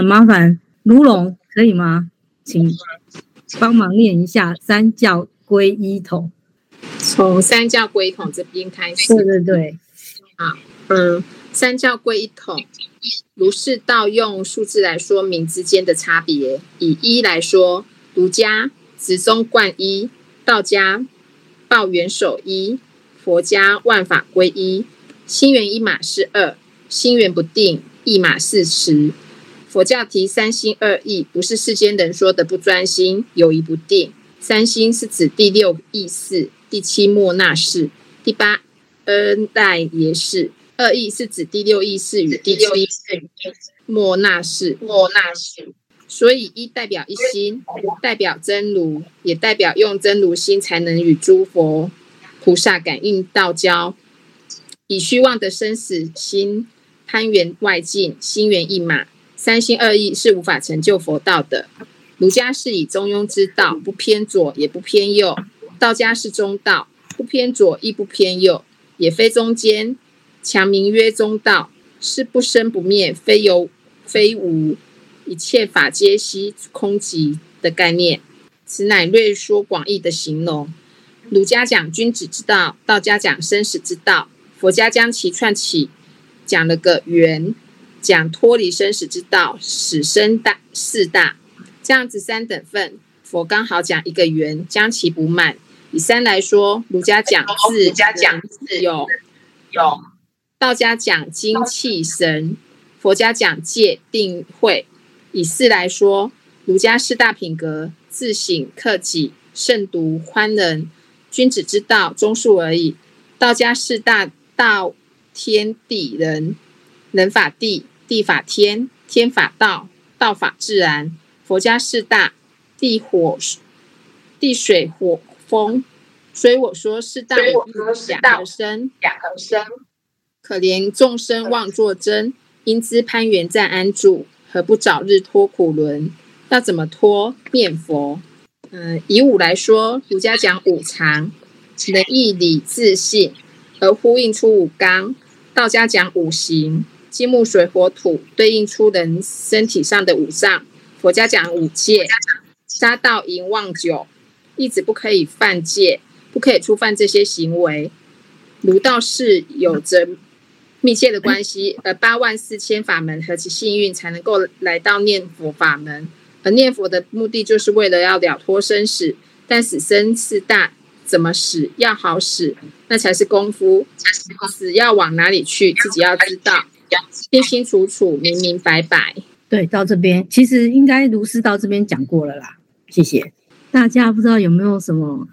啊、麻煩盧龍可以嗎？請幫忙念一下“三教歸一統”，從“三教歸一統”這邊開始。對對對，啊好，嗯、呃，“三教歸一統”，儒釋道用數字來說明之間的差別。以一來說，儒家執中貫一，道家抱元守一，佛家萬法歸一，心猿意馬是二，心猿不定，意馬四馳。佛教提三心二意，不是世間人說的不專心、猶豫不定。三心是指第六意識、第七末那識，第八恩代也識；二意是指第六意識與第六意識末那識，那所以一代表一心，代表真如，也代表用真如心才能與諸佛菩薩感應道交。以虛妄的生死心攀緣外境，心猿意馬。三心二意是無法成就佛道的。儒家是以中庸之道，不偏左也不偏右；道家是中道，不偏左亦不偏右，也非中間。強名曰中道，是不生不滅，非有非無，一切法皆悉空寂的概念。此乃略說廣義的形容。儒家講君子之道，道家講生死之道，佛家將其串起，講了個圓。講脫離生死之道，死生事大，四大，這樣子三等份，佛剛好講一個圓，將其補滿。以三來說，儒家講智仁勇，哦、家講道家講精氣神，神佛家講戒定慧。以四來說，儒家四大品格：自省、克己、慎獨、寬仁。君子之道，忠恕而已。道家四大：道、天、地、人，人法地。地法天，天法道，道法自然。佛家四大：地火、地水、火風。所以我說四大五蘊假合身。假合身。可憐眾生妄作真，應知攀緣暫安住，何不早日脫苦輪？要怎麼脫？念佛。嗯、呃，以五來說，儒家講五常：仁、義、禮、智、信，而呼應出五綱。道家講五行。金木水火土對應出人身體上的五臟。佛家講五戒：殺、盜、淫、妄、酒，一直不可以犯戒，不可以觸犯這些行為。儒道是有着密切的關係。呃，八萬四千法門，何其幸運才能夠來到念佛法門。而念佛的目的就是為了要了脫生死。但死生事大，怎麼死要好死，那才是功夫。死要，要往哪裡去，自己要知道。清清楚楚、明明白白，對，到這邊其實應該如是到這邊講過了啦。謝謝大家，不知道有沒有什麼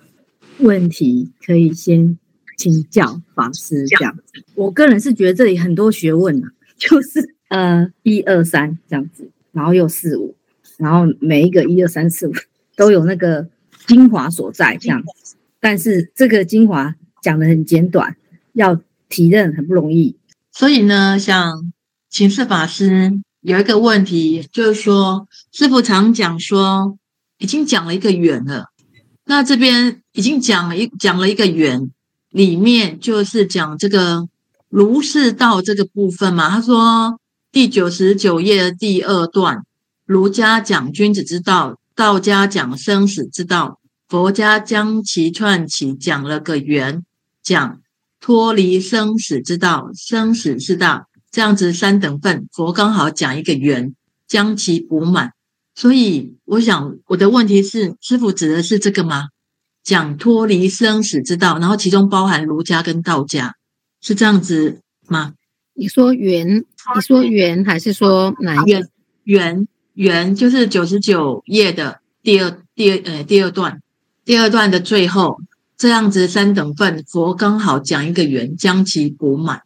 問題可以先請教法師這樣子。我個人是覺得這裡很多學問啊，就是呃一二三這樣子，然後又四五，然後每一個一二三四五都有那個精華所在這樣，但是這個精華講得很簡短，要體認很不容易。所以呢，想請示法師有一個問題，就是說，師父常講說，已經講了一個圓了。那這邊已經講了一講了一個圓，裡面就是講這個儒釋道這個部分嘛。他說第九十九頁的第二段，儒家講君子之道，道家講生死之道，佛家將其串起，講了個圓講。脫離生死之道，生死之道。這樣子三等份，佛剛好講一個圓，將其補滿。所以我想，我的問題是，師父指的是這個嗎？講脫離生死之道，然後其中包含儒家跟道家，是這樣子嗎？你說圓，你說圓還是說難？圓，圓就是九十九頁的第二、第二呃、哎、第二段，第二段的最後。這樣子三等份，佛剛好講一個圓，將其補滿。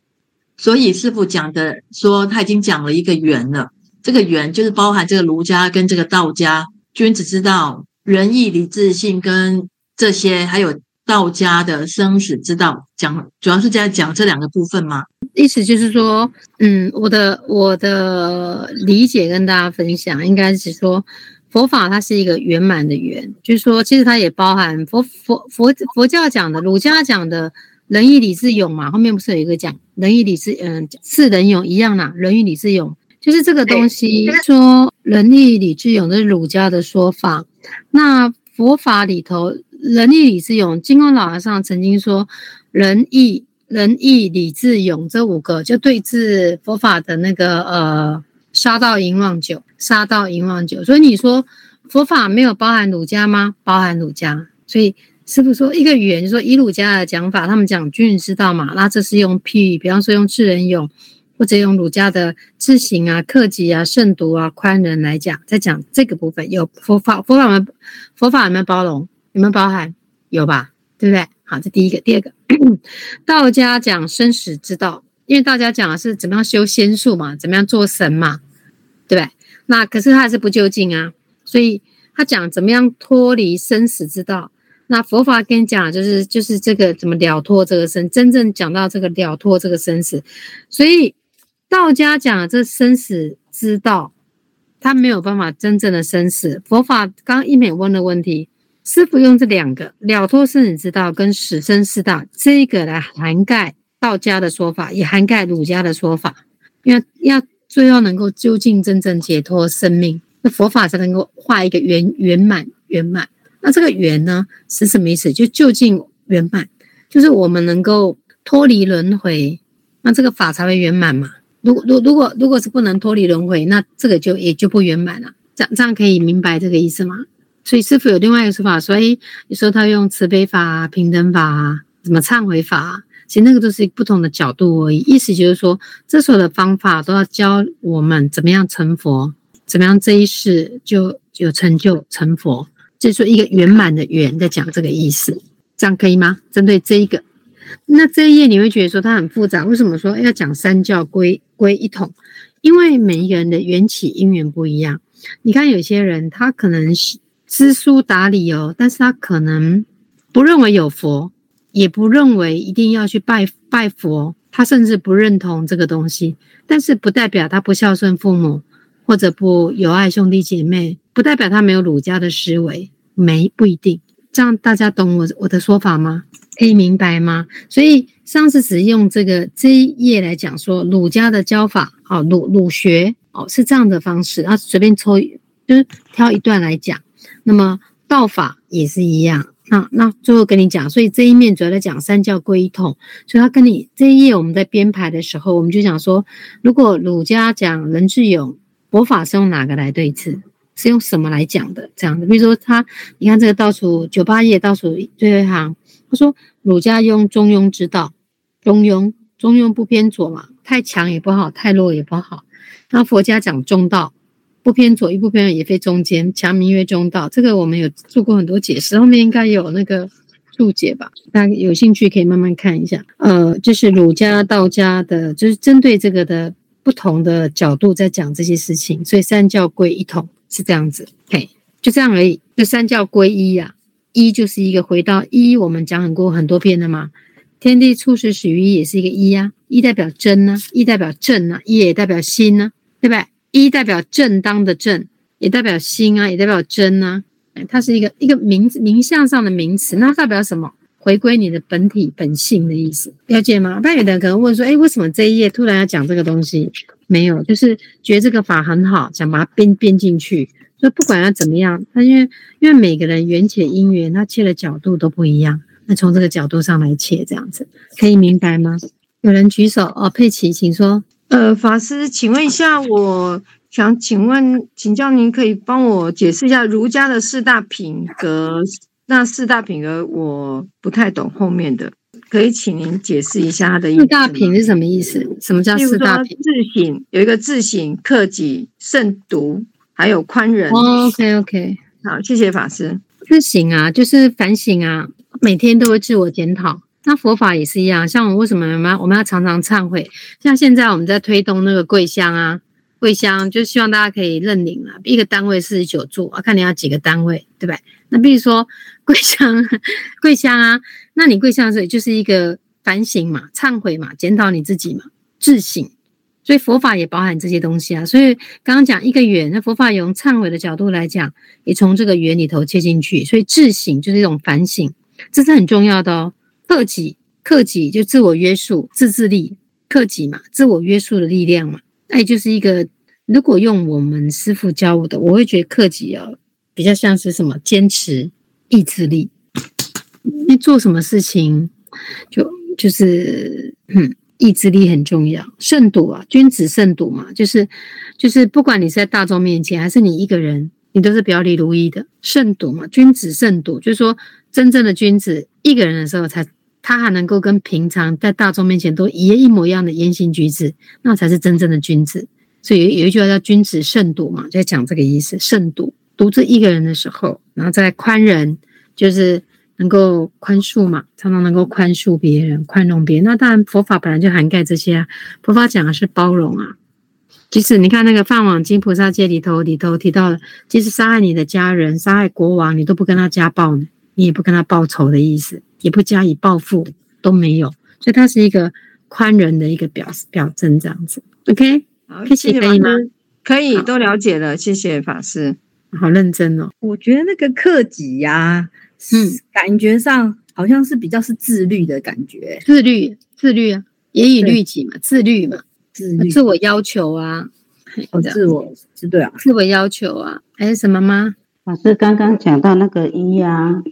所以師父講的說，他已經講了一個圓了。這個圓就是包含這個儒家跟這個道家君子之道、仁義禮智信跟這些，還有道家的生死之道。講主要是在講這兩個部分嗎？意思就是說，嗯，我的我的理解跟大家分享，應該是說。佛法它是一個圓滿的圓，就是說，其實它也包含佛佛佛佛教講的、儒家講的仁義禮智勇嘛。後面不是有一個講仁義禮智，嗯、呃，是仁勇一樣啦。仁義禮智勇就是這個東西，對說仁義禮智勇這是儒家的說法。那佛法裡頭，仁義禮智勇，金剛老和尚曾經說，仁義仁義禮智勇這五個就對治佛法的那個呃。殺到淫忘酒，殺到淫忘酒。所以你說佛法沒有包含儒家嗎？包含儒家。所以師是，是說一個語言，就說以儒家的講法，他們講君子之道嘛。那這是用譬喻，比方說用智人勇，或者用儒家的自行啊、克己啊、慎獨啊、寬仁來講，在講這個部分有佛法，佛法有沒有佛法有沒有包容有沒有包含？有吧？對不對？好，這第一個，第二個 道家講生死之道，因為道家講的是怎麼樣修仙術嘛，怎麼樣做神嘛。對，那可是他還是不究竟啊，所以他講怎麼樣脫離生死之道。那佛法跟你講，就是就是這個怎麼了脫這個生，真正講到這個了脫這個生死。所以道家講的這生死之道，他沒有辦法真正的生死。佛法剛剛一美問的問題，師父用這兩個了脫生死之道跟死生事大，這個來涵蓋道家的說法，也涵蓋儒家的說法，因為要。最後能夠究竟真正解脫生命，那佛法才能夠畫一個圓，圓滿圓滿。那這個圓呢是什麼意思？就究竟圓滿，就是我們能夠脫離輪迴，那這個法才會圓滿嘛。如果如如果如果是不能脫離輪迴，那這個就也、欸、就不圓滿了。這樣這樣可以明白這個意思嗎？所以師父有另外一個說法，所以你說他用慈悲法、平等法、什麼懺悔法。其實那個都是不同的角度而已，意思就是說，這時候的方法都要教我們怎麼樣成佛，怎麼樣這一世就有成就成佛，就是一個圓滿的圓在講這個意思，這樣可以嗎？針對這一個，那這一頁你會覺得說它很複雜，為什麼說要講三教歸歸一統？因為每一個人的緣起因緣不一樣，你看有些人他可能是知書達理哦，但是他可能不認為有佛。也不認為一定要去拜拜佛，他甚至不認同這個東西，但是不代表他不孝順父母，或者不友愛兄弟姐妹，不代表他沒有儒家的思維，沒不一定。這樣大家懂我我的說法嗎？可以明白嗎？所以上次只用這個這一頁來講說儒家的教法啊，儒儒學哦是這樣的方式，他隨便抽就是挑一段來講，那麼道法也是一樣。啊，那最後跟你講，所以這一面主要在講三教歸一統，所以他跟你這一頁我們在編排的時候，我們就講說，如果儒家講仁智勇，佛法是用哪個來對治？是用什麼來講的？這樣子，比如說他，你看這個倒數九八頁倒數最後一行，他說儒家用中庸之道，中庸中庸不偏左嘛，太強也不好，太弱也不好，那佛家講中道。不偏左，亦不偏右，也非中間。強名曰中道，這個我們有做過很多解釋，後面應該有那個注解吧？大家有興趣可以慢慢看一下。呃，就是儒家、道家的，就是針對這個的不同的角度在講這些事情，所以三教歸一統是這樣子，嘿，就這樣而已。就三教歸一呀，啊，一就是一個回到一，我們講很多很多遍了嘛。天地初始始於一，也是一個一呀，啊。一代表真呢，啊，一代表正呢，啊，一也代表心呢，啊，對不對？一代表正當的正，也代表心啊，也代表真啊。嗯、它是一個一個名字名相上的名詞，那它代表什麼？回歸你的本體本性的意思，了解嗎？但有人可能問說，哎、欸，為什麼這一頁突然要講這個東西？沒有，就是覺得這個法很好，想把它編編進去。所以不管要怎麼樣，他因為因為每個人緣起因緣，他切的角度都不一樣。那從這個角度上來切，這樣子可以明白嗎？有人舉手哦，佩奇，請說。呃，法師，請問一下我，我想請問，請教您可以幫我解釋一下儒家的四大品格。那四大品格我不太懂後面的，可以請您解釋一下它的意思。四大品是什麼意思？什麼叫四大品？比如說自省，有一個自省、克己、慎獨，還有寬仁。Oh, OK OK，好，謝謝法師。自省啊，就是反省啊，每天都會自我檢討。那佛法也是一樣，像我們為什麼我們要我們要常常懺悔？像現在我們在推動那個跪香啊，跪香就希望大家可以認領啊，一個單位四十九炷，啊。看你要幾個單位，對吧？那比如說跪香，跪香啊，那你跪香是就是一個反省嘛，懺悔嘛，檢討你自己嘛，自省。所以佛法也包含這些東西啊。所以剛剛講一個圓，那佛法用懺悔的角度來講，也從這個圓裡頭切進去。所以自省就是一種反省，這是很重要的哦。克己，克己就自我約束、自制力，克己嘛，自我約束的力量嘛。哎，就是一個，如果用我們師父教我的，我會覺得克己啊比較像是什麼堅持、意志力。你做什麼事情，就就是、嗯，意志力很重要。慎獨啊，君子慎獨嘛，就是就是，不管你是在大眾面前，還是你一個人，你都是表裡如一的。慎獨嘛，君子慎獨，就是說真正的君子，一個人的時候才。他還能夠跟平常在大眾面前都一模一樣的言行舉止，那才是真正的君子。所以有一句話叫“君子慎獨”嘛，就在講這個意思。慎獨，獨自一個人的時候，然後再寬人，就是能夠寬恕嘛，常常能夠寬恕別人、寬容別人。那當然佛法本來就涵蓋這些啊，佛法講的是包容啊。即使你看那個《梵網經菩薩戒》裡頭，裡頭提到了，即使殺害你的家人、殺害國王，你都不跟他加報呢，你也不跟他報仇的意思。也不加以報復都沒有，所以它是一個寬仁的一個表表徵這樣子。OK，好可,以可以嗎？媽媽可以，好都了解了，謝謝法師，好認真哦。我覺得那個克己呀、啊，嗯、是感覺上好像是比較是自律的感覺，自律，自律啊，嚴以律己嘛，對自律嘛，自律自我要求啊，哦，自我，是對啊，自我要求啊，還、欸、是什麼嗎？法師剛剛講到那個一呀、啊，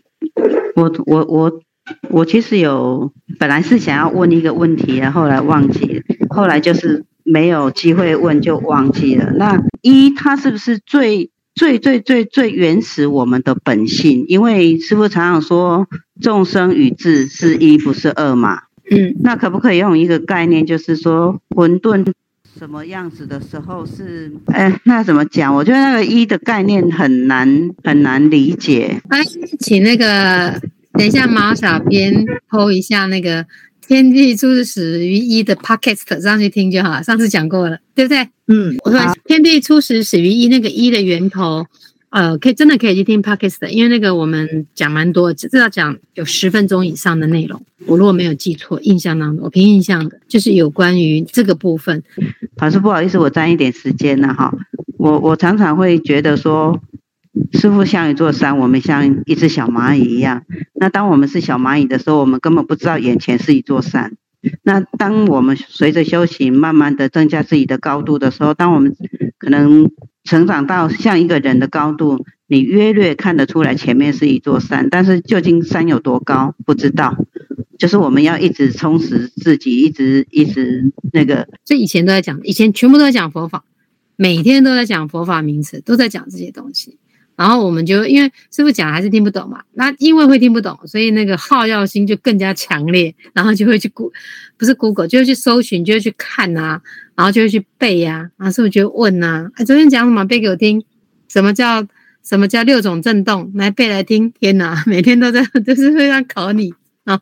我我我。我我其實有本來是想要問一個問題，然後來忘記了，後來就是沒有機會問就忘記了。那一它是不是最最最最最原始我們的本性？因為師父常常說眾生與智是一不是二嘛。嗯。那可不可以用一個概念，就是說混沌什麼樣子的時候是？哎，那怎麼講？我覺得那個一的概念很難很難理解。哎，請那個。等一下，馬小編，PO 一下那個“天地初始始於一”的 podcast 上去聽就好。上次講過了，對不對？嗯，我好天地初始始於一那個一的源頭，呃，可以真的可以去聽 podcast，因為那個我們講蠻多，至少講有十分鐘以上的內容。我如果沒有記錯，印象當中，我憑印象的，就是有關於這個部分。法師不好意思，我占一點時間了哈。我我常常會覺得說。師父像一座山，我們像一隻小螞蟻一樣。那當我們是小螞蟻的時候，我們根本不知道眼前是一座山。那當我們隨着修行，慢慢的增加自己的高度的時候，當我們可能成長到像一個人的高度，你約略看得出來前面是一座山，但是究竟山有多高，不知道。就是我們要一直充實自己，一直一直那個。這以前都在講，以前全部都在講佛法，每天都在講佛法名詞，都在講這些東西。然後我們就因為師傅講還是聽不懂嘛，那因為會聽不懂，所以那個好奇心就更加強烈，然後就會去谷，不是 google 就會去搜尋，就會去看啊，然後就會去背呀、啊，然後師傅就問啊？哎，昨天講什麼背給我聽？什麼叫什麼叫六種震動？來背來聽！天哪，每天都在，就是會讓考你啊，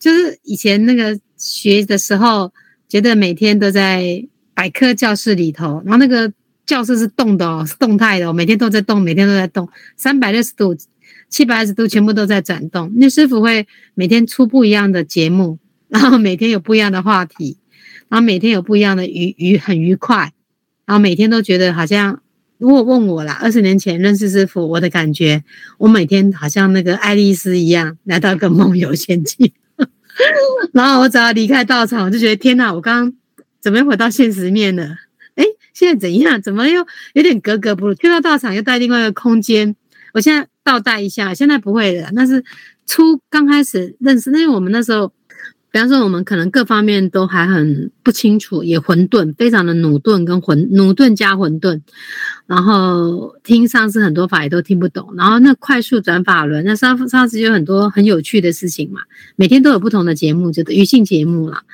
就是以前那個學的時候，覺得每天都在百科教室裡頭，然後那個。教室是動的哦，是動態的哦，每天都在動，每天都在動，三百六十度、七百二十度全部都在轉動。那師父會每天出不一樣的節目，然後每天有不一樣的話題，然後每天有不一樣的愉愉，很愉快，然後每天都覺得好像如果問我啦，二十年前認識師父，我的感覺，我每天好像那個愛麗絲一樣來到一個夢遊仙境， 然後我只要離開道場，我就覺得天吶，我剛怎麼又回到現實面了？現在怎樣？怎麼又有點格格不入？去到道場又在另外一個空間。我現在倒帶一下，現在不會了。那是初剛開始認識，因為我們那時候。比方說，我們可能各方面都還很不清楚，也混沌，非常的魯鈍跟混魯鈍加混沌，然後聽上次很多法也都聽不懂，然後那快速轉法輪，那上上次有很多很有趣的事情嘛，每天都有不同的節目，就餘興節目啦，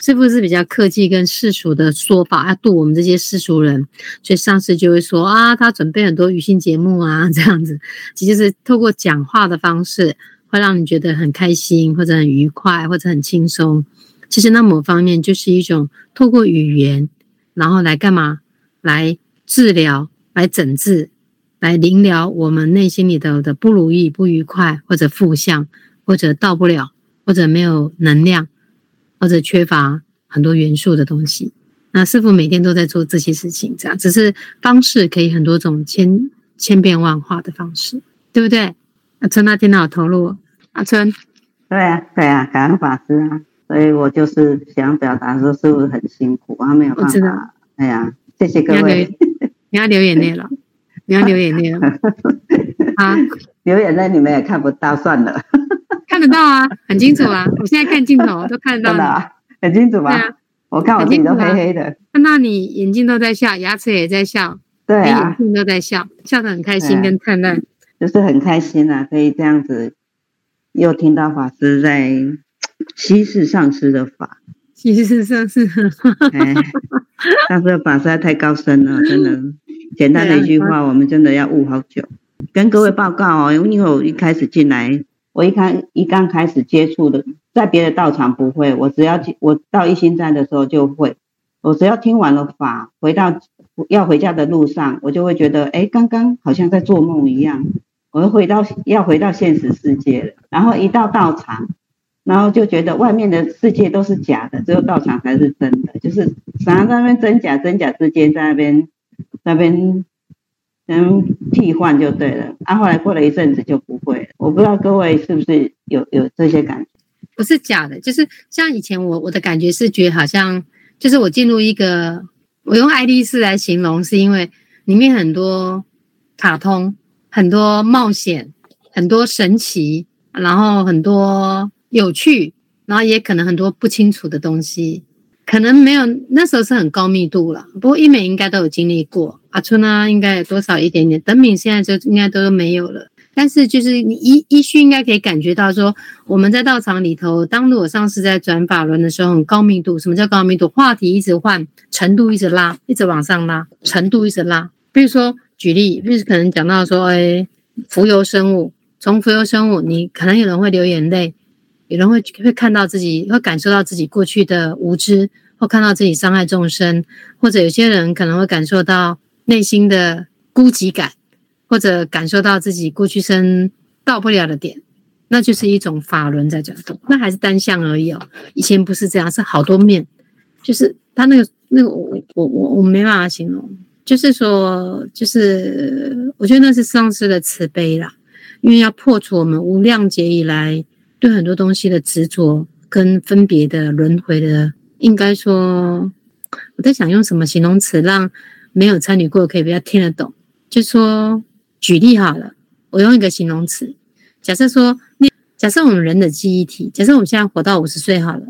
是不是比較科技跟世俗的說法要、啊、度我們這些世俗人，所以上次就會說啊，他準備很多餘興節目啊這樣子，其實是透過講話的方式。會讓你覺得很開心，或者很愉快，或者很輕鬆。其實那某方面就是一種透過語言，然後來幹嘛？來治療、來整治、來靈療我們內心裡頭的，的不如意、不愉快，或者負向，或者到不了，或者沒有能量，或者缺乏很多元素的東西。那師父每天都在做這些事情，這樣只是方式可以很多種千，千千變萬化的方式，對不對？從那天到投入。阿春，對啊，對啊，感恩法師啊，所以我就是想表達說，是不是很辛苦，我沒有辦法。哎呀，謝謝各位。你要流眼淚了，你要流眼淚了。啊，流眼淚你們也看不到算了。看得到啊，很清楚啊，我現在看鏡頭都看得到。真的，很清楚嗎？對啊，我看我皮都黑黑的。看到你眼睛都在笑，牙齒也在笑。對啊。眼睛都在笑，笑得很開心跟燦爛。就是很開心啊，可以這樣子。又聽到法師在解釋上師的法，解釋上師，上師的法實在、哎、太高深了，真的。簡單的一句話，啊、我們真的要悟好久。跟各位報告哦，因為我一開始進來，我一開一剛開始接觸的，在別的道場不會，我只要我到一心齋的時候就會，我只要聽完了法，回到要回家的路上，我就會覺得，哎，剛剛好像在做夢一樣。我回到要回到現實世界了，然後一到道場，然後就覺得外面的世界都是假的，只有道場才是真的。就是在那邊真假真假之間，在那邊那邊能替換就對了。啊，後來過了一陣子就不會了。我不知道各位是不是有有這些感覺？不是假的，就是像以前我我的感覺是覺得好像就是我進入一個我用愛麗絲來形容，是因為裡面很多卡通。很多冒險，很多神奇，然後很多有趣，然後也可能很多不清楚的東西，可能沒有，那時候是很高密度了。不過一美應該都有經歷過，阿春呢、啊、應該有多少一點點，等敏現在就應該都沒有了。但是就是你一一旭應該可以感覺到說，我們在道場裡頭，當如果上次在轉法輪的時候，很高密度。什麼叫高密度？話題一直換，程度一直拉，一直往上拉，程度一直拉，比如說。舉例，就是可能講到說，哎，浮游生物，從浮游生物，你可能有人會流眼淚，有人會會看到自己，會感受到自己過去的無知，或看到自己傷害眾生，或者有些人可能會感受到內心的孤寂感，或者感受到自己過去生到不了的點，那就是一種法輪在轉動，那還是單向而已哦。以前不是這樣，是好多面，就是他那個那個我，我我我我我沒辦法形容。就是說，就是我覺得那是上師的慈悲啦，因為要破除我們無量劫以來對很多東西的執着跟分別的輪迴的。應該說，我在想用什麼形容詞讓沒有參與過可以比較聽得懂。就是說舉例好了，我用一個形容詞。假設說，假設我們人的記憶體，假設我們現在活到五十歲好了，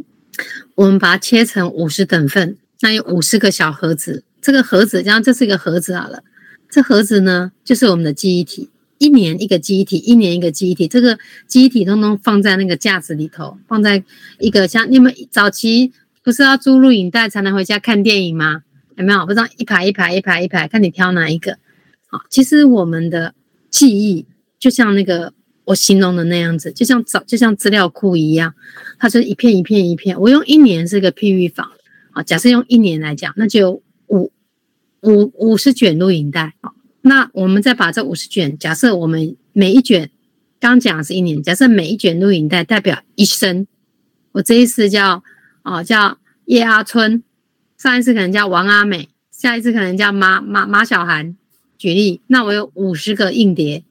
我們把它切成五十等份，那有五十個小盒子。這個盒子，像這，這是一個盒子好了，這盒子呢，就是我們的記憶體，一年一個記憶體，一年一個記憶體，這個記憶體通通放在那個架子裡頭，放在一個像你們早期不是要租錄影帶才能回家看電影嗎？有沒有？不知道一排一排一排一排，看你挑哪一個。好，其實我們的記憶就像那個我形容的那樣子，就像找就像資料庫一樣，它是一片一片一片。我用一年是個譬喻法，好，假設用一年來講，那就。五五十卷錄影帶，那我們再把這五十卷，假設我們每一卷剛講是一年，假設每一卷錄影帶代表一生，我這一次叫哦叫葉阿春，上一次可能叫王阿美，下一次可能叫馬馬馬小涵，舉例，那我有五十個硬碟，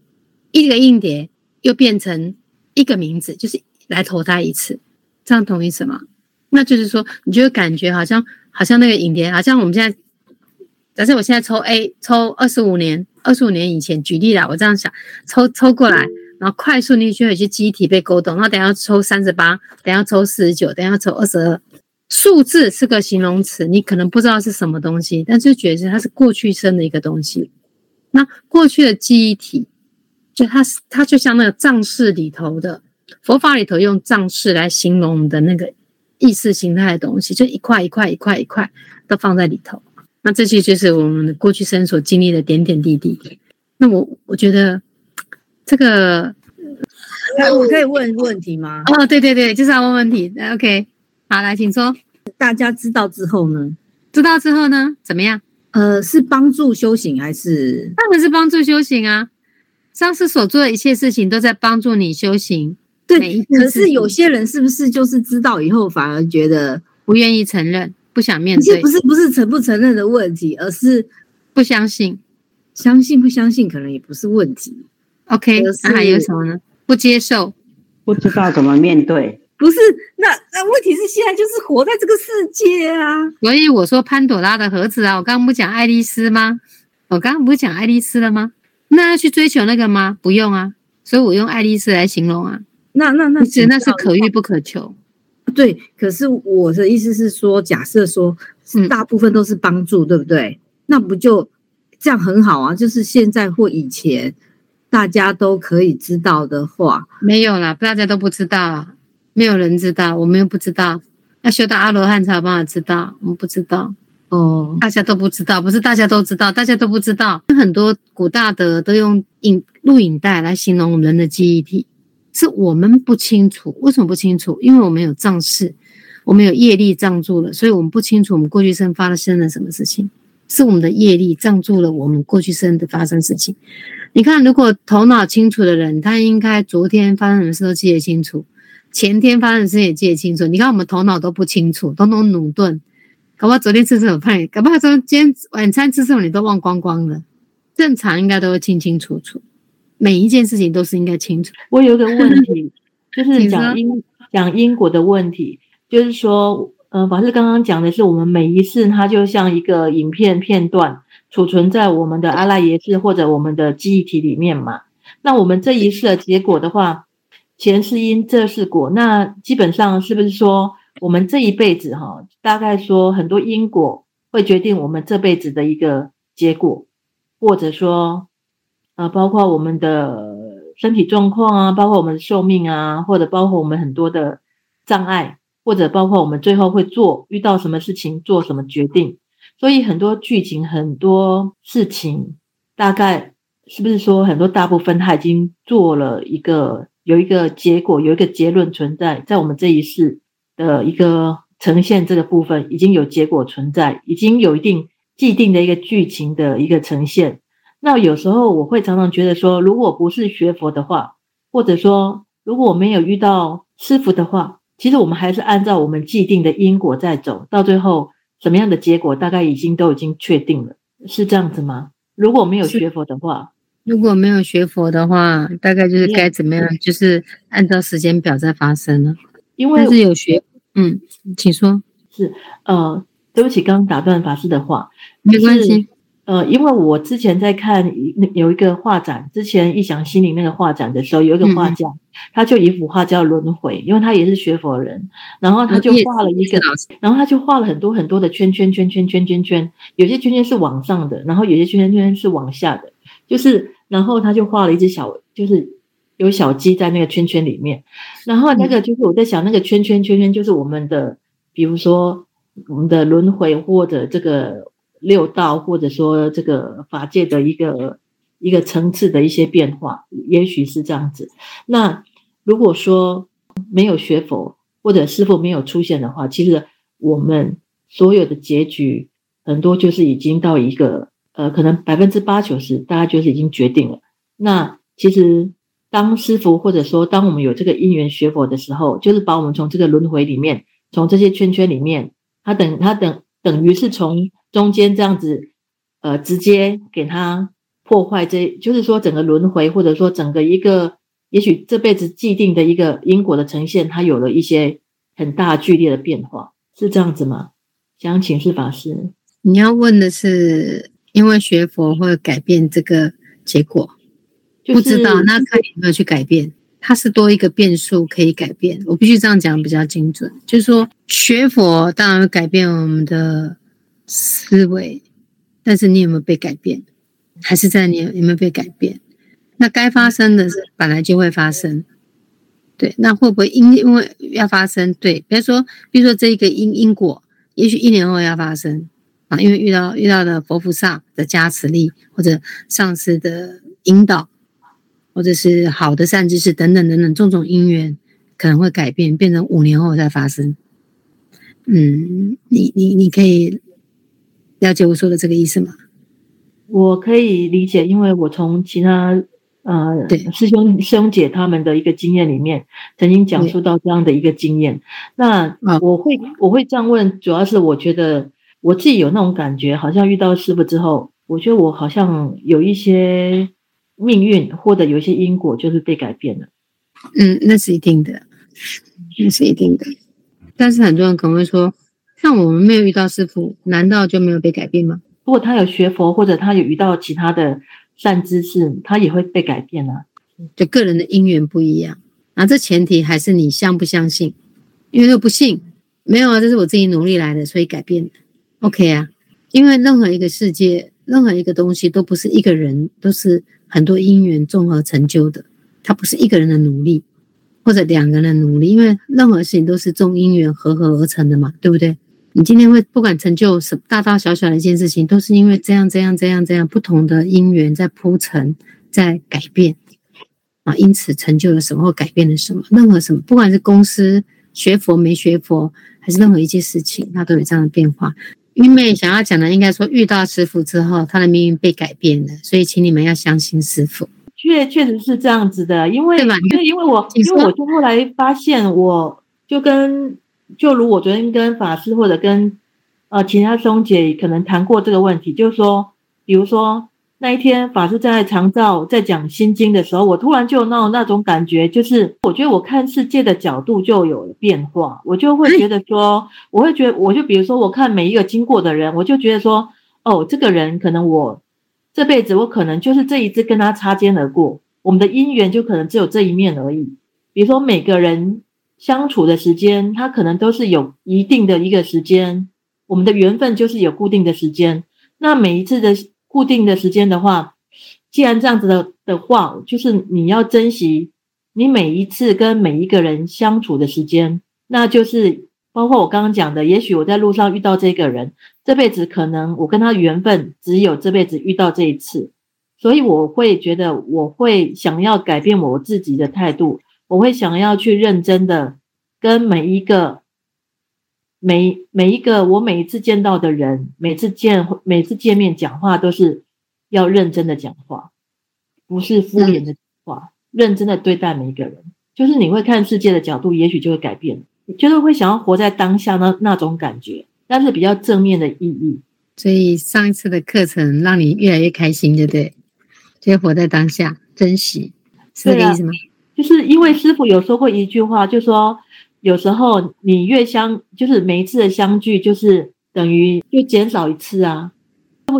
一個硬碟又變成一個名字，就是來投胎一次，這樣同意什麼？那就是說，你就會感覺好像好像那個硬碟，好像我們現在。假設我現在抽 A，抽二十五年，二十五年以前，舉例啦，我這樣想，抽抽過來，然後快速你就有些記憶體被勾動，那等一下抽三十八，等一下抽四十九，等一下抽二十二，數字是個形容詞，你可能不知道是什麼東西，但是覺得它是過去生的一個東西。那過去的記憶體，就它是它就像那個障識裡頭的佛法裡頭用障識來形容我們的那個意識形態的東西，就一塊一塊一塊一塊都放在裡頭。那這些就是我們的過去生所經歷的點點滴滴。那我我覺得這個，我可以問問題嗎？哦，對對對，就是要問問題。OK，好，來，請說。大家知道之後呢？知道之後呢？怎麼樣？呃，是幫助修行還是？當然是幫助修行啊。上次所做的一切事情，都在幫助你修行。對，可是有些人是不是就是知道以後，反而覺得不願意承認？不想面對，不是不是承不承認的問題，而是不相信，相信不相信可能也不是問題。OK，而是，啊，還有什麼呢？不接受，不知道怎麼面對。不是，那那問題是現在就是活在這個世界啊。所以我說潘朵拉的盒子啊，我剛剛不講愛麗絲嗎？我剛剛不是講愛麗絲了嗎？那要去追求那個嗎？不用啊，所以我用愛麗絲來形容啊。那那那是那是可遇不可求。對，可是我的意思是說，假設說是大部分都是幫助，對不對？那不就這樣很好啊？就是現在或以前，大家都可以知道的話，沒有啦，大家都不知道，沒有人知道，我們又不知道，要修到阿羅漢才有辦法知道，我們不知道哦，大家都不知道，不是大家都知道，大家都不知道。很多古大德都用影錄影帶來形容人的記憶體。是我們不清楚，為什麼不清楚？因為我們有障識，我們有業力障住了，所以我們不清楚我們過去生發生了什麼事情，是我們的業力障住了我們過去生的發生事情。你看，如果頭腦清楚的人，他應該昨天發生什麼事都記得清楚，前天發生的事也記得清楚。你看我們頭腦都不清楚，統統駑鈍，搞不好昨天吃什麼飯，搞不好今天晚餐吃什麼你都忘光光了。正常應該都會清清楚楚。每一件事情都是應該清楚。我有一個問題， 就是講因說講因果的問題，就是說，嗯、呃，法師剛剛講的是，我們每一世它就像一個影片片段，儲存在我們的阿賴耶識或者我們的記憶體裡面嘛。那我們這一世的結果的話，前世因，這世果。那基本上是不是說，我們這一輩子哈，大概說很多因果會決定我們這輩子的一個結果，或者說。啊、呃，包括我們的身體狀況啊，包括我們的壽命啊，或者包括我們很多的障礙，或者包括我們最後會做遇到什麼事情，做什麼決定。所以很多劇情，很多事情，大概是不是說很多大部分他已經做了一個有一個結果，有一個結論存在在我們這一世的一個呈現這個部分，已經有結果存在，已經有一定既定的一個劇情的一個呈現。那有時候我會常常覺得說，如果不是學佛的話，或者說如果我沒有遇到師父的話，其實我們還是按照我們既定的因果在走到最後，什麼樣的結果大概已經都已經確定了，是這樣子嗎？如果沒有學佛的話，如果沒有學佛的話，大概就是該怎麼樣，Yeah. 就是按照時間表在發生呢？因為是有學，嗯，請說，是呃，對不起，剛剛打斷法師的話，沒關係。呃，因為我之前在看有一個畫展，之前異想心靈的畫展的時候，有一個畫家，他就一幅畫叫《輪回》，因為他也是學佛人，然後他就畫了一個，然後他就畫了很多很多的圈圈圈圈圈圈圈，有些圈圈是往上的，然後有些圈圈圈是往下的，就是然後他就畫了一隻小，就是有小雞在那個圈圈裡面，然後那個就是我在想那個圈圈圈圈就是我們的，比如說我們的輪回或者這個。六道或者說這個法界的一個一個層次的一些變化，也許是這樣子。那如果說，沒有學佛或者師父沒有出現的話，其實我們所有的結局很多就是已經到一個呃，可能百分之八九十，大家就是已經決定了。那其實當師父或者說當我們有這個因緣學佛的時候，就是把我們從這個輪回裡面，從這些圈圈裡面，他等他等等於是從。中間這樣子，呃，直接給他破壞這，就是說整個輪迴，或者說整個一個，也許這輩子既定的一個因果的呈現，它有了一些很大劇烈的變化，是這樣子嗎？想請示法師，你要問的是，因為學佛會改變這個結果，就是 不知道，那看你有沒有去改變，它是多一個變數可以改變。我必須這樣講比較精準，就是說學佛當然會改變我們的。思維，但是你有沒有被改變？還是在你有沒有被改變？那該發生的是本來就會發生，對。那會不會因因為要發生？對，比如說，比如說這一個因因果，也許一年後要發生啊，因為遇到遇到了佛菩薩的加持力，或者上師的引導，或者是好的善知識等等等等種種因緣，可能會改變，變成五年後再發生。嗯，你你你可以。了解我說的這個意思嗎？我可以理解，因為我從其他呃，對師兄、師兄姐他們的一個經驗裡面，曾經講述到這樣的一個經驗。對那我會，我會這樣問，主要是我覺得我自己有那種感覺，好像遇到師傅之後，我覺得我好像有一些命運或者有一些因果就是被改變了。嗯，那是一定的，那是一定的。但是很多人可能會說。像我們沒有遇到師父，難道就沒有被改變嗎？如果他有學佛，或者他有遇到其他的善知識，他也會被改變啊。就個人的因緣不一樣，那、啊、這前提還是你相不相信？因為他不信，沒有啊，這是我自己努力來的，所以改變。OK 啊，因為任何一個世界，任何一個東西都不是一個人，都是很多因緣綜合成就的。他不是一個人的努力，或者兩個人的努力，因為任何事情都是眾因緣和合而成的嘛，對不對？你今天會不管成就什麼大大小小的一件事情，都是因為這樣這樣這樣這樣不同的因緣在鋪陳，在改變，啊，因此成就了什麼或改變了什麼，任何什麼，不管是公司學佛沒學佛，還是任何一件事情，它都有這樣的變化。因為想要講的，應該說遇到師父之後，他的命運被改變了，所以請你們要相信師父。確確實是這樣子的，因為嘛，對吧？因為我因為我就後來發現，我就跟。就如我昨天跟法師或者跟呃其他師姐，可能談過這個問題，就是說，比如說那一天法師在長照在講心經的時候，我突然就鬧那種感覺，就是我覺得我看世界的角度就有了變化，我就會覺得說，我會覺我就比如說我看每一個經過的人，我就覺得說，哦，這個人可能我這輩子我可能就是這一次跟他擦肩而過，我們的姻緣就可能只有這一面而已。比如說每個人。相處的時間，它可能都是有一定的一個時間。我們的緣分就是有固定的時間。那每一次的固定的時間的話，既然這樣子的的話，就是你要珍惜你每一次跟每一個人相處的時間。那就是包括我剛剛講的，也許我在路上遇到這個人，這輩子可能我跟他緣分只有這輩子遇到這一次，所以我會覺得我會想要改變我自己的態度。我會想要去認真的跟每一個、每每一個我每一次見到的人，每次見、每次見面講話都是要認真的講話，不是敷衍的講話，嗯、認真的對待每一個人。就是你會看世界的角度，也許就會改變。就是會想要活在當下那那種感覺，那是比較正面的意義。所以上一次的課程讓你越來越開心，對不對？就活在當下，珍惜，是這個意思嗎？就是因為師父有說過一句話，就說有時候你越相，就是每一次的相聚，就是等於就減少一次啊。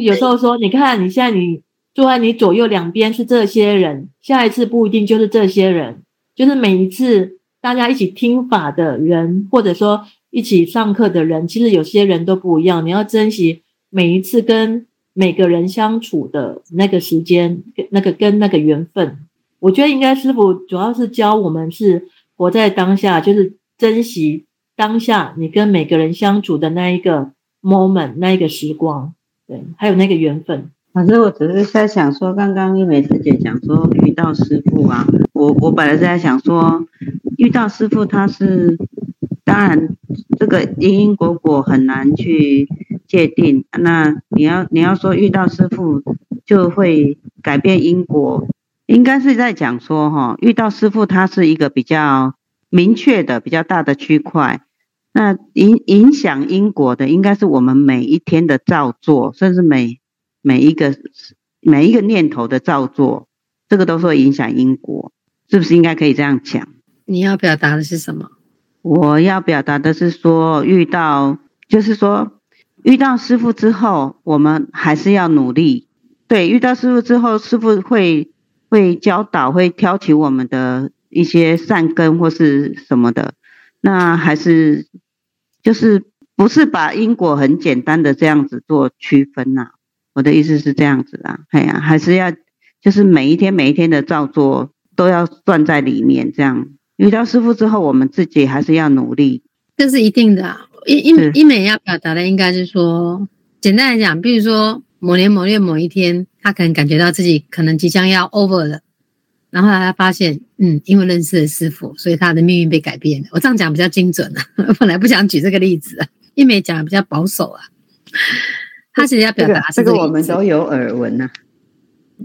有時候說，你看你現在你坐在你左右兩邊是這些人，下一次不一定就是這些人，就是每一次大家一起聽法的人，或者說一起上課的人，其實有些人都不一樣，你要珍惜每一次跟每個人相處的那個時間，跟那個跟那個緣分。我覺得應該師父主要是教我們是活在當下，就是珍惜當下你跟每個人相處的那一個 moment 那一個時光，對，還有那個緣分。反正我只是在想說，剛剛玉美師姐,姐講說遇到師父啊，我我本來是在想說遇到師父他是，當然這個因因果果很難去界定。那你要你要說遇到師父就會改變因果。應該是在講說，哈，遇到師父他是一個比較明確的，比較大的區塊。那影影響因果的，應該是我們每一天的造作，甚至每每一個每一個念頭的造作，這個都是會影響因果，是不是應該可以這樣講？你要表達的是什麼？我要表達的是說，遇到就是說，遇到師父之後，我們還是要努力。對，遇到師父之後，師父會。會教導，會挑起我們的一些善根或是什麼的，那還是就是不是把因果很簡單的這樣子做區分吶、啊？我的意思是這樣子的哎呀，還是要就是每一天每一天的造作，都要算在裡面。這樣遇到師父之後，我們自己還是要努力，這是一定的、啊。一一美一美要表達的，應該是說，簡單來講，比如說。某年某月某一天，他可能感覺到自己可能即將要 over 了，然後他發現，嗯，因為認識了師傅，所以他的命運被改變了。我這樣講比較精準了、啊，本來不想舉這個例子、啊，因為講的比較保守啊。這個、他是要表達這個，這個，這個、我們都有耳聞吶、啊，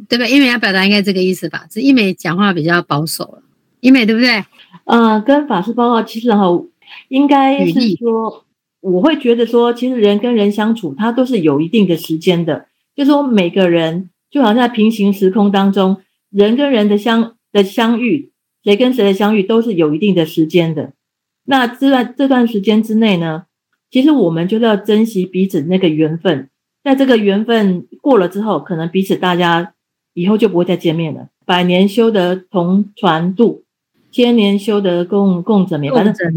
對不對？因為要表達應該這個意思吧？因為講話比較保守了、啊，因為對不對？呃，跟法師報告，其實哈，應該是說，意我會覺得說，其實人跟人相處，他都是有一定的時間的。就是說，每個人就好像在平行時空當中，人跟人的相的相遇，誰跟誰的相遇都是有一定的時間的。那這段這段時間之內呢，其實我們就是要珍惜彼此那個緣分。在這個緣分過了之後，可能彼此大家以後就不會再見面了。百年修得同船渡，千年修得共共枕眠。反正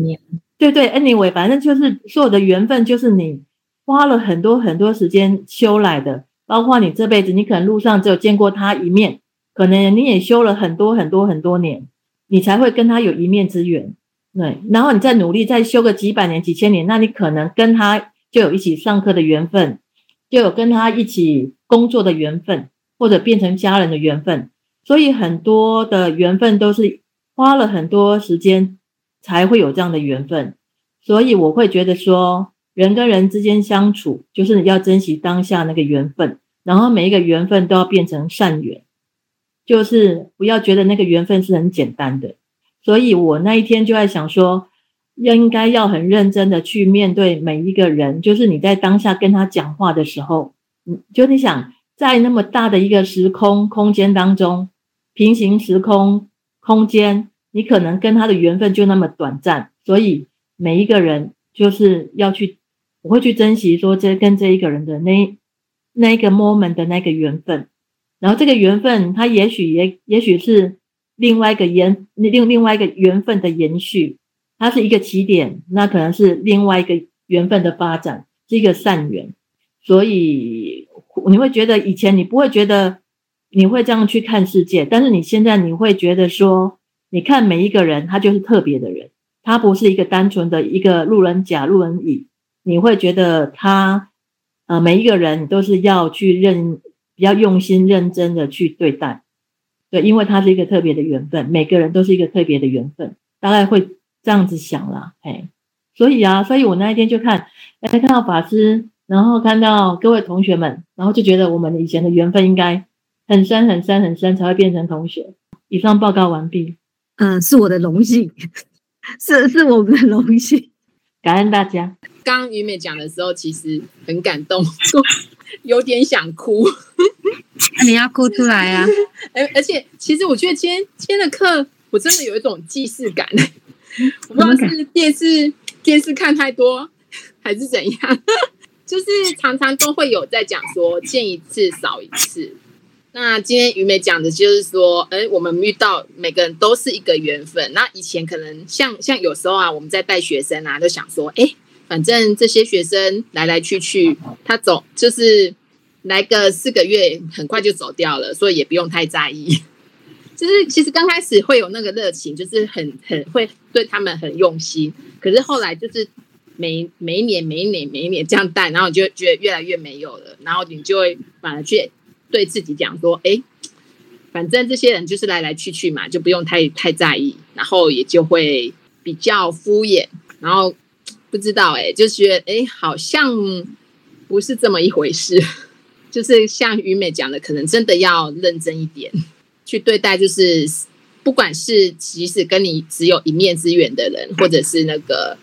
對對，anyway，反正就是所有的緣分，就是你花了很多很多時間修來的。包括你這輩子，你可能路上只有見過他一面，可能你也修了很多很多很多年，你才會跟他有一面之緣。對，然後你再努力，再修個幾百年、幾千年，那你可能跟他就有一起上課的緣分，就有跟他一起工作的緣分，或者變成家人的緣分。所以很多的緣分都是花了很多時間才會有這樣的緣分。所以我會覺得說，人跟人之間相處，就是你要珍惜當下那個緣分。然後每一個緣分都要變成善緣，就是不要覺得那個緣分是很簡單的。所以我那一天就在想說，要應該要很認真的去面對每一個人。就是你在當下跟他講話的時候，嗯，就你想在那麼大的一個時空空間當中，平行時空空間，你可能跟他的緣分就那麼短暫。所以每一個人就是要去，我會去珍惜說這跟這一個人的那。那一個 moment 的那個緣分，然後這個緣分，它也許也也許是另外一個緣另另外一個緣分的延續，它是一個起點，那可能是另外一個緣分的發展，是一個善緣，所以你會覺得以前你不會覺得你會這樣去看世界，但是你現在你會覺得說，你看每一個人他就是特別的人，他不是一個單純的一個路人甲、路人乙，你會覺得他。啊、呃，每一個人都是要去認，比較用心、認真的去對待，對，因為他是一個特別的緣分，每個人都是一個特別的緣分，大概會這樣子想啦。嘿、哎，所以啊，所以我那一天就看，哎，看到法師，然後看到各位同學們，然後就覺得我們以前的緣分應該很深、很深、很深，才會變成同學。以上報告完畢。嗯、呃，是我的榮幸，是是我們的榮幸，感恩大家。剛於美講的時候，其實很感動，有點想哭。那你要哭出來啊！而且其實我覺得今天今天的課，我真的有一種既視感。Okay. 我不知道是電視電視看太多，還是怎樣，就是常常都會有在講說見一次少一次。那今天於美講的就是說，哎、呃，我們遇到每個人都是一個緣分。那以前可能像像有時候啊，我們在帶學生啊，就想說，哎。反正這些學生來來去去，他走就是來個四個月，很快就走掉了，所以也不用太在意。就是其實剛開始會有那個熱情，就是很很會對他們很用心，可是後來就是每每一年、每一年、每一年這樣帶，然後你就覺得越來越沒有了，然後你就會反而去對自己講說，哎，反正這些人就是來來去去嘛，就不用太太在意，然後也就會比較敷衍，然後。不知道哎、欸，就覺得哎、欸，好像不是這麼一回事。 就是像於美講的，可能真的要認真一點去對待。就是不管是即使跟你只有一面之緣的人，或者是那個，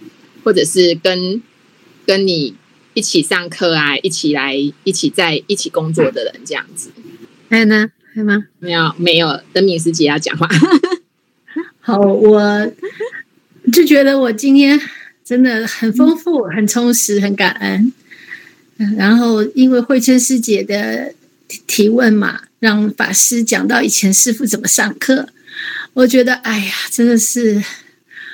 或者是跟跟你一起上課啊，一起來一起在一起工作的人，這樣子。還有呢？還有嗎？沒有，沒有。等敏師姐要講話。 好，我就覺得我今天真的很豐富，嗯、很充實，很感恩。嗯，然後因為慧春師姐的提問嘛，讓法師講到以前師父怎麼上課，我覺得哎呀，真的是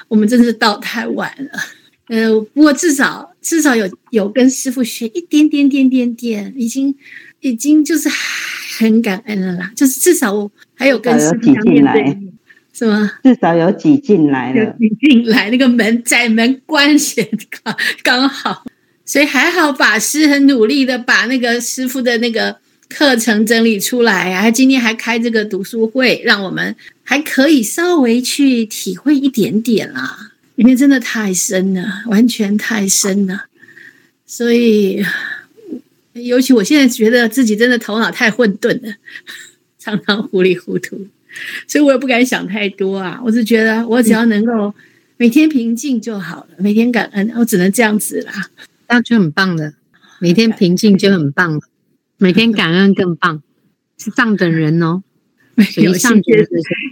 我們真的是到太晚了。呃，不過至少至少有有跟師父學一點點點點點，已經已經就是很感恩了啦。就是至少我還有跟師父面對是嗎？至少有擠進來了，有擠進來，那個門窄，門關前剛剛好，所以還好。法師很努力的把那個師父的那個課程整理出來啊，今天還開這個讀書會，讓我們還可以稍微去體會一點點啦。裡面真的太深了，完全太深了，所以尤其我現在覺得自己真的頭腦太混沌了，常常糊裡糊塗。所以，我也不敢想太多啊。我只覺得，我只要能夠每天平靜就好了，嗯、每天感恩，我只能這樣子啦。那就很棒了。每天平靜就很棒了，okay, okay. 每天感恩更棒， 是上等人哦。沒有，謝謝，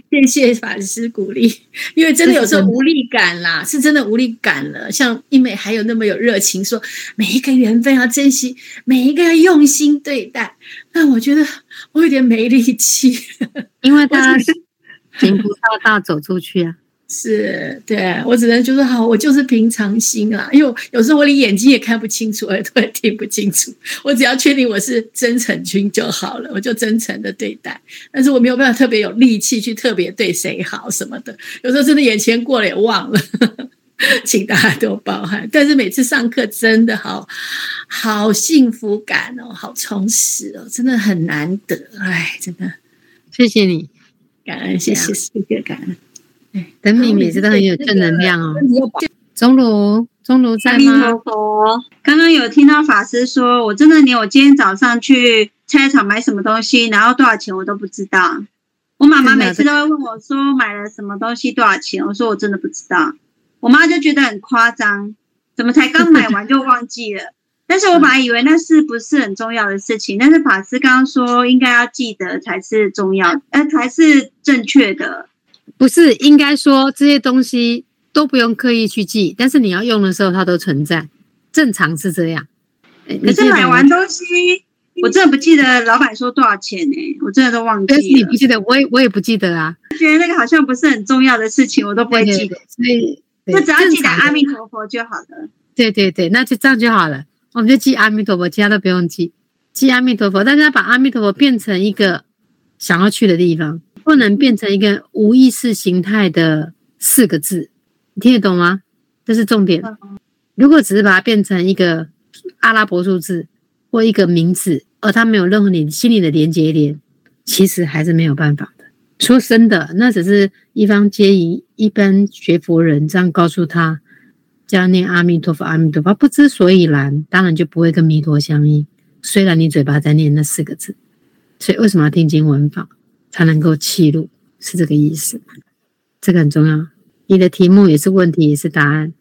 謝謝法師鼓勵，因為真的有時候無力感啦，是真，是真的無力感了。像因美還有那麼有熱情說，說每一個緣分要珍惜，每一個要用心對待。那我覺得我有點沒力氣，因為大平不到道道走出去啊。 是，對、啊、我只能就說好，我就是平常心啦。因為有時候我連眼睛也看不清楚，耳朵也，也聽不清楚。我只要確定我是真誠君就好了，我就真誠的對待。但是我沒有辦法特別有力氣去特別對誰好什麼的。有時候真的眼前過了也忘了，呵呵，請大家多包涵。但是每次上課真的好好幸福感哦，好充實哦，真的很難得。哎，真的謝謝你，感恩，謝謝感恩，謝謝，謝謝，感恩。等你每次都很有正能量哦。中盧，中盧在嗎？剛剛有聽到法師說，我真的連我今天早上去菜場買什麼東西，然後多少錢我都不知道。我媽媽每次都會問我說買了什麼東西，多少錢，我說我真的不知道。我媽就覺得很誇張，怎麼才剛買完就忘記了？ 但是我本來以為那是不是很重要的事情，但是法師剛剛說應該要記得才是重要，呃，才是正確的。不是，應該說這些東西都不用刻意去記，但是你要用的時候它都存在，正常是這樣。欸、你去買完東西，我真的不記得老闆說多少錢呢、欸，我真的都忘記了。但是你不記得，我也我也不記得啊。我覺得那個好像不是很重要的事情，我都不會記得。對對對，所以，那只要記得阿彌陀佛就好了。對對對，那就這樣就好了，我們就記阿彌陀佛，其他都不用記。記阿彌陀佛，但是要把阿彌陀佛變成一個想要去的地方。不能變成一個無意識形態的四個字，你聽得懂嗎？這是重點。如果只是把它變成一個阿拉伯數字或一個名字，而它沒有任何你心裡的連接點，其實還是沒有辦法的。說真的，那只是一方皆以，一般學佛人這樣告訴他，叫念阿彌陀佛，阿彌陀佛，不知所以然，當然就不會跟彌陀相應。雖然你嘴巴在念那四個字，所以為什麼要聽經聞法？才能夠契入，是這個意思，這個很重要。你的題目也是問題，也是答案。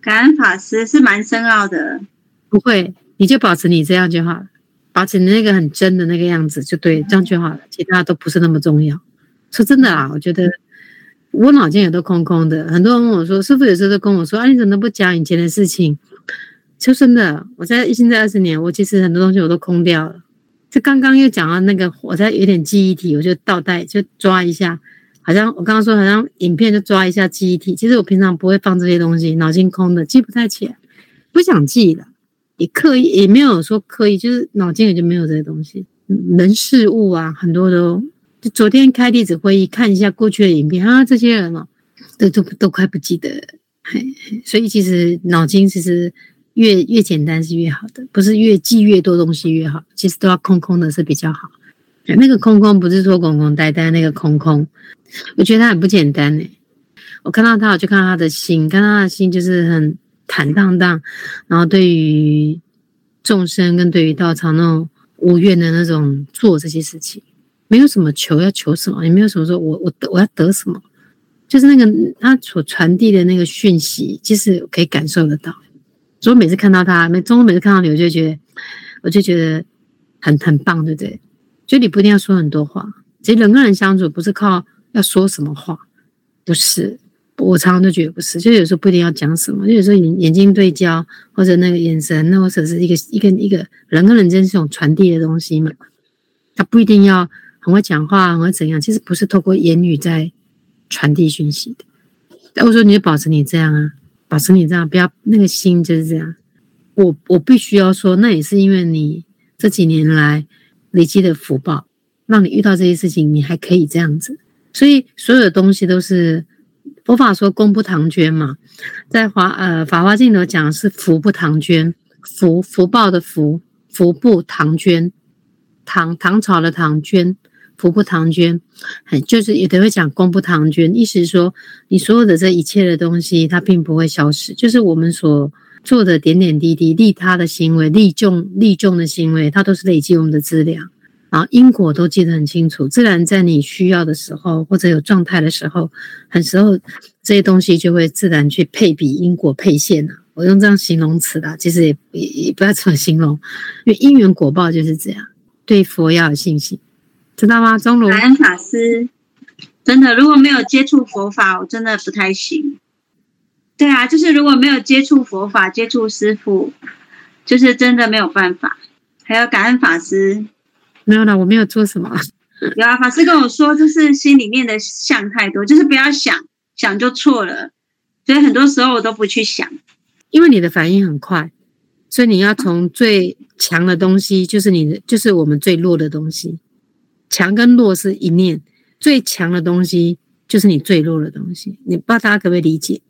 感恩法師是蠻深奧的，不會，你就保持你這樣就好了，保持你那個很真的那個樣子就對，嗯、這樣就好了。其他都不是那麼重要。說真的啊，我覺得、嗯、我腦筋也都空空的。很多人問我說，師父有時候都跟我說啊，你怎麼不講以前的事情？說真的，我在一心在二十年，我其實很多東西我都空掉了。這剛剛又講到那個，火災有點記憶體，我就倒帶就抓一下，好像我剛剛說好像影片就抓一下記憶體。其實我平常不會放這些東西，腦筋空的，記不太起來，不想記了，也刻意也沒有說刻意，就是腦筋裡就沒有這些東西，人事物啊很多都，就昨天開例子會議看一下過去的影片啊，這些人哦、啊，都都都快不記得了，所以其實腦筋其實。越越簡單是越好的，不是越記越多東西越好。其實都要空空的是比較好，嗯。那個空空不是說空空呆呆，那個空空，我覺得他很不簡單呢。我看到他，我就看到他的心，看到他的心就是很坦蕩蕩，然後對於眾生跟對於道場那種無怨的那種做這些事情，沒有什麼求要求什麼，也沒有什麼說我我得我要得什麼，就是那個他所傳遞的那個訊息，其實可以感受得到。所以每次看到他，每，中午每次看到你，我就覺得，我就覺得很很棒，對不對？就你不一定要說很多話，其實人跟人相處不是靠要說什麼話，不是。我常常都覺得不是，就有時候不一定要講什麼，就有時候眼眼睛對焦或者那個眼神，那或者是一個一個一個人跟人之間這種傳遞的東西嘛，他不一定要很會講話，很會怎樣，其實不是透過言語在傳遞訊息的。但我說你就保持你這樣啊。保持你這樣，不要那個心就是這樣。我我必須要說，那也是因為你這幾年來累積的福報，讓你遇到這些事情，你還可以這樣子。所以所有的東西都是佛法說“功不唐捐”嘛，在華呃《法華經》裡頭講的是“福不唐捐”，福福報的福，福不唐捐，唐唐朝的唐捐。福不唐捐，很就是也都會講功不唐捐，意思是說你所有的這一切的東西，它並不會消失。就是我們所做的點點滴滴，利他的行為、利眾利眾的行為，它都是累積我們的資糧，然後因果都記得很清楚，自然在你需要的時候或者有狀態的時候，很時候這些東西就會自然去配比因果配現了。我用這樣形容詞啦，其實也也，也，也不要這麼形容，因為因緣果報就是這樣。對佛要有信心。知道嗎？感恩法師，真的如果沒有接觸佛法，我真的不太行。對啊，就是如果沒有接觸佛法，接觸師父，就是真的沒有辦法。還有感恩法師，沒有啦，我沒有做什麼。有啊，法師跟我說，就是心裡面的想太多，就是不要想，想就錯了。所以很多時候我都不去想，因為你的反應很快，所以你要從最強的東西，就是你的，就是我們最弱的東西。強跟弱是一念，最強的東西，就是你最弱的東西。你不知道，大家可不可以理解？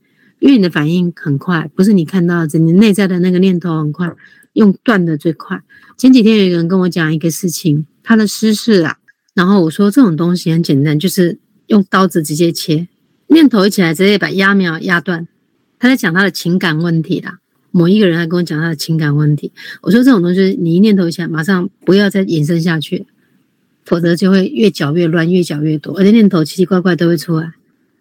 因為你的反應很快，不是你看到的，你內在的那個念頭很快用斷的最快。前幾天有一個人跟我講一個事情，他的私事啊，然後我說這種東西很簡單，就是用刀子直接切，念頭一起來直接把秧苗壓斷。他在講他的情感問題啦，某一個人還跟我講他的情感問題，我說這種東西你一念頭一起來，馬上不要再延伸下去。否則就會越攪越亂，越攪越多，而且念頭奇奇怪怪都會出來，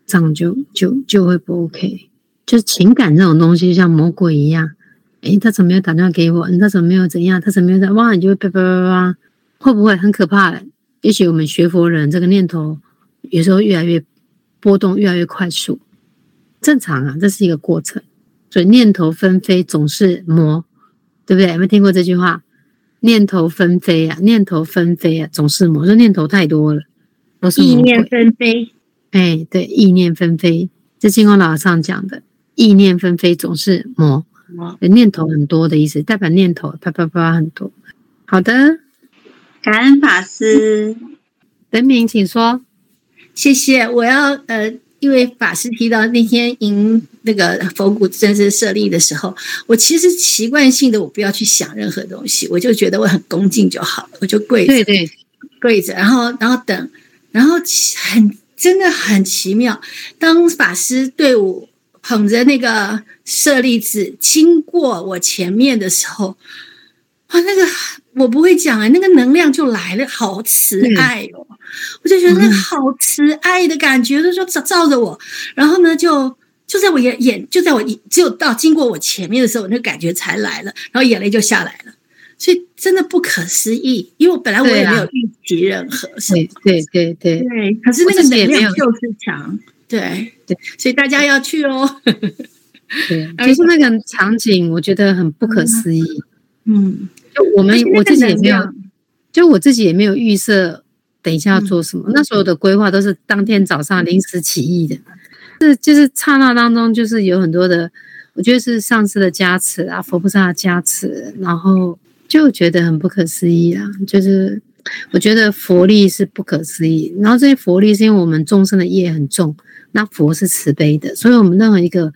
這樣就就就會不 OK。就是情感這種東西，就像魔鬼一樣，哎，他怎麼沒有打電話給我？你他怎麼沒有怎樣？他怎麼沒有……在，哇，你就會叭叭叭叭，會不會很可怕，欸？也許我們學佛人，這個念頭有時候越來越波動，越來越快速，正常啊，這是一個過程。所以念頭紛飛，總是魔，對不對？有沒有聽過這句話？念頭紛飛啊，念頭紛飛啊，總是魔。我說念頭太多了，都是意念紛飛。哎，對，意念紛飛，這淨空老和尚講的，意念紛飛總是魔、魔，念頭很多的意思，代表念頭啪、啪啪啪很多。好的，感恩法師，登明，請說。謝謝，我要呃。因為法師提到，那天迎那個佛骨真身舍利的時候，我其實習慣性的我不要去想任何東西，我就覺得我很恭敬就好，我就跪着，對對跪着，然後然後等，然後很真的很奇妙，當法師隊伍捧着那個舍利子經過我前面的時候。啊，那個我不會講，那個能量就來了，好慈愛哦！嗯、我就覺得那個好慈愛的感覺，嗯、就照照着我，然後呢，就就在我眼眼，就在我只有到經過我前面的時候，我那個、感覺才來了，然後眼淚就下來了。所以真的不可思議，因為我本來我也沒有遇及任何對、啊，對對對對對，對對，可是那個能量就是強，對對，對對，所以大家要去哦。對， 對，其實那個場景，我覺得很不可思議，嗯。嗯我們我自己也沒有，就我自己也沒有預設等一下要做什麼。嗯、那時候的規劃都是當天早上臨時起意的，嗯嗯、是就是剎那當中，就是有很多的，我覺得是上師的加持啊，佛菩薩的加持，然後就覺得很不可思議啊。就是我覺得佛力是不可思議，然後這些佛力是因為我們眾生的業很重，那佛是慈悲的，所以我們任何一個，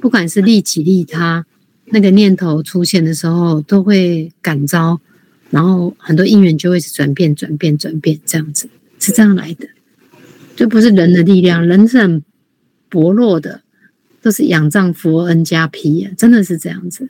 不管是利己利他。那個念頭出現的時候，都會感召，然後很多因緣就會轉變、轉變、轉變，這樣子是這樣來的，就不是人的力量，人是很薄弱的，都是仰仗佛恩加被呀，真的是這樣子。